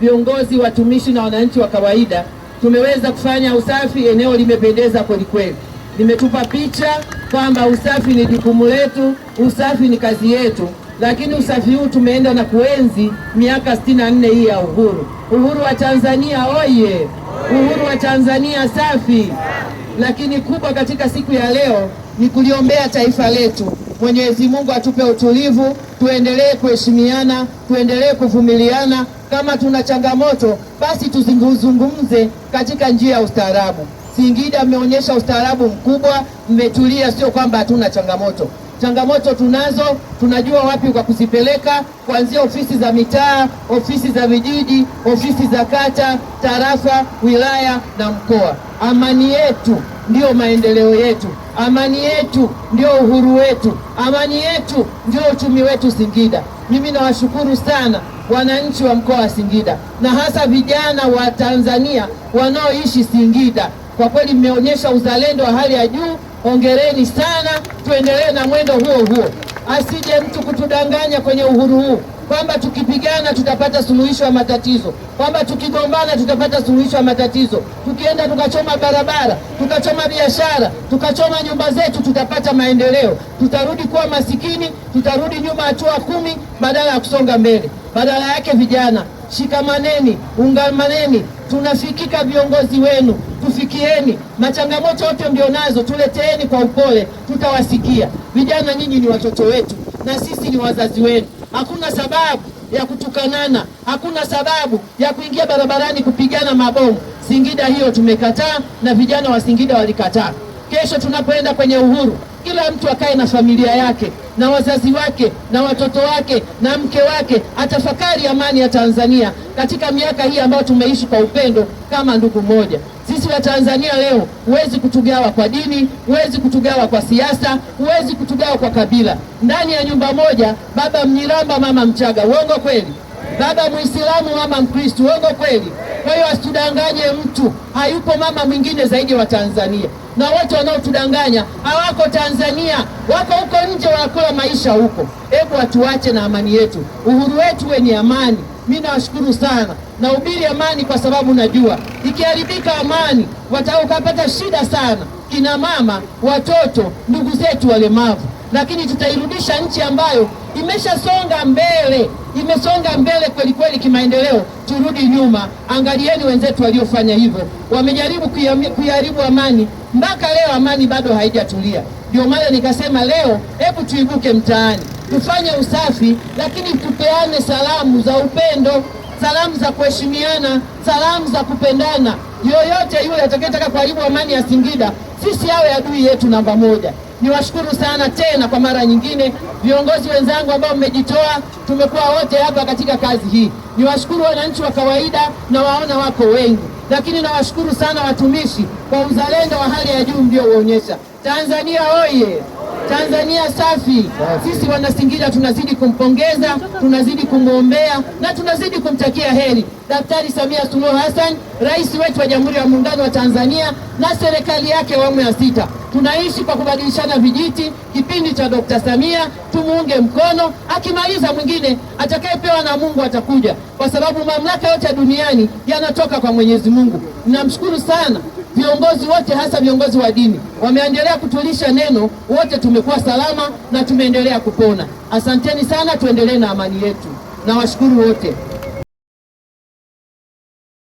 viongozi, watumishi na wananchi wa kawaida, tumeweza kufanya usafi. Eneo limependeza kwelikweli, limetupa picha kwamba usafi ni jukumu letu, usafi ni kazi yetu. Lakini usafi huu tumeenda na kuenzi miaka 64 hii ya uhuru. Uhuru wa Tanzania oye! Uhuru wa Tanzania safi! Lakini kubwa katika siku ya leo ni kuliombea taifa letu. Mwenyezi Mungu atupe utulivu, tuendelee kuheshimiana, tuendelee kuvumiliana. Kama tuna changamoto, basi tuzungumze katika njia ya ustaarabu. Singida mmeonyesha ustaarabu mkubwa, mmetulia, sio kwamba hatuna changamoto. Changamoto tunazo, tunajua wapi kwa kuzipeleka, kuanzia ofisi za mitaa, ofisi za vijiji, ofisi za kata, tarafa, wilaya na mkoa. Amani yetu ndiyo maendeleo yetu. Amani yetu ndio uhuru wetu, amani yetu ndio uchumi wetu Singida. Mimi nawashukuru sana wananchi wa mkoa wa Singida na hasa vijana wa Tanzania wanaoishi Singida. Kwa kweli mmeonyesha uzalendo wa hali ya juu, hongereni sana, tuendelee na mwendo huo huo asije mtu kutudanganya kwenye uhuru huu kwamba tukipigana tutapata suluhisho ya matatizo, kwamba tukigombana tutapata suluhisho ya matatizo, tukienda tukachoma barabara, tukachoma biashara, tukachoma nyumba zetu, tutapata maendeleo. Tutarudi kuwa masikini, tutarudi nyuma hatua kumi badala ya kusonga mbele. Badala yake, vijana, shikamaneni, ungamaneni tunafikika viongozi wenu, tufikieni machangamoto yote mlio nazo, tuleteeni kwa upole, tutawasikia. Vijana nyinyi ni watoto wetu na sisi ni wazazi wenu. Hakuna sababu ya kutukanana, hakuna sababu ya kuingia barabarani kupigana mabomu. Singida hiyo tumekataa, na vijana wa Singida walikataa. Kesho tunapoenda kwenye uhuru, kila mtu akae na familia yake na wazazi wake na watoto wake na mke wake, atafakari amani ya Tanzania katika miaka hii ambayo tumeishi kwa upendo kama ndugu mmoja. Sisi wa tanzania leo, huwezi kutugawa kwa dini, huwezi kutugawa kwa siasa, huwezi kutugawa kwa kabila. Ndani ya nyumba moja, baba Mnyiramba, mama Mchaga. Uongo kweli? labda Muislamu, mama Mkristu, uongo kweli? Kwa hiyo asitudanganye mtu, hayupo mama mwingine zaidi ya Watanzania, na wote wanaotudanganya hawako Tanzania, wako huko nje, wanakula maisha huko. Hebu watuache na amani yetu, uhuru wetu we ni amani. Mi nawashukuru sana, nahubiri amani kwa sababu najua ikiharibika amani watakapata shida sana, kina mama, watoto, ndugu zetu walemavu, lakini tutairudisha nchi ambayo imeshasonga mbele imesonga mbele kweli kweli kimaendeleo, turudi nyuma. Angalieni wenzetu waliofanya hivyo, wamejaribu kuiharibu amani, mpaka leo amani bado haijatulia. Ndio maana nikasema leo, hebu tuibuke mtaani tufanye usafi, lakini tupeane salamu za upendo, salamu za kuheshimiana, salamu za kupendana. Yoyote yule atakayetaka kuharibu amani ya Singida, sisi awe adui yetu namba moja. Niwashukuru sana tena kwa mara nyingine viongozi wenzangu ambao mmejitoa, tumekuwa wote hapa katika kazi hii. Niwashukuru wananchi wa kawaida na waona wako wengi, lakini nawashukuru sana watumishi kwa uzalendo wa hali ya juu mliouonyesha. Tanzania oye! Tanzania safi! Sisi Wanasingida tunazidi kumpongeza, tunazidi kumwombea na tunazidi kumtakia heri Daktari Samia Suluhu Hassan, rais wetu wa Jamhuri ya Muungano wa Tanzania na serikali yake awamu ya sita tunaishi kwa kubadilishana vijiti. Kipindi cha Dokta Samia tumuunge mkono, akimaliza mwingine atakayepewa na Mungu atakuja, kwa sababu mamlaka yote duniani yanatoka kwa Mwenyezi Mungu. Namshukuru sana viongozi wote, hasa viongozi wa dini, wameendelea kutulisha neno, wote tumekuwa salama na tumeendelea kupona. Asanteni sana, tuendelee na amani yetu. Nawashukuru wote.